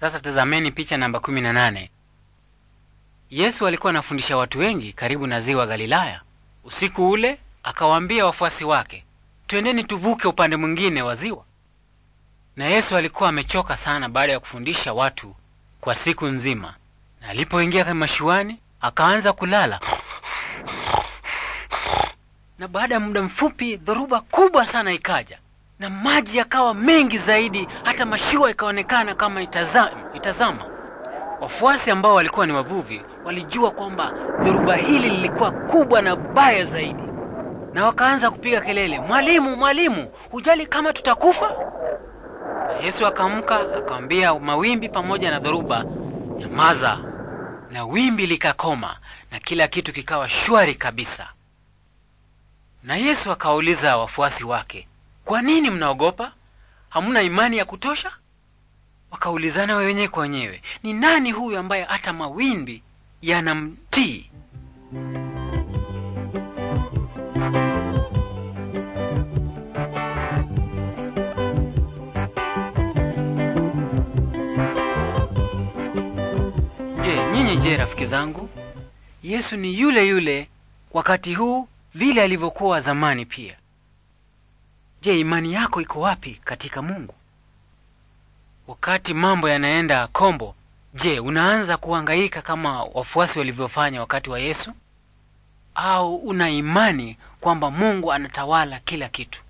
Sasa tazameni picha namba 18. Yesu alikuwa anafundisha watu wengi karibu na ziwa Galilaya. Usiku ule akawaambia wafuasi wake, twendeni tuvuke upande mwingine wa ziwa. Na Yesu alikuwa amechoka sana baada ya kufundisha watu kwa siku nzima, na alipoingia mashuani akaanza kulala na baada ya muda mfupi dhoruba kubwa sana ikaja na maji yakawa mengi zaidi, hata mashua ikaonekana kama itazama, itazama. Wafuasi ambao walikuwa ni wavuvi walijua kwamba dhoruba hili lilikuwa kubwa na baya zaidi, na wakaanza kupiga kelele, mwalimu, mwalimu, hujali kama tutakufa? Na Yesu akaamka akamwambia mawimbi pamoja na dhoruba, nyamaza, na wimbi likakoma na kila kitu kikawa shwari kabisa. Na Yesu akawauliza wafuasi wake, kwa nini mnaogopa? Hamna imani ya kutosha? Wakaulizana wenyewe kwa wenyewe, ni nani huyu ambaye hata mawimbi yanamtii? Je, nyinyi je, rafiki zangu, Yesu ni yule yule wakati huu vile alivyokuwa zamani pia. Je, imani yako iko wapi katika Mungu? Wakati mambo yanaenda kombo, je, unaanza kuhangaika kama wafuasi walivyofanya wakati wa Yesu? Au una imani kwamba Mungu anatawala kila kitu?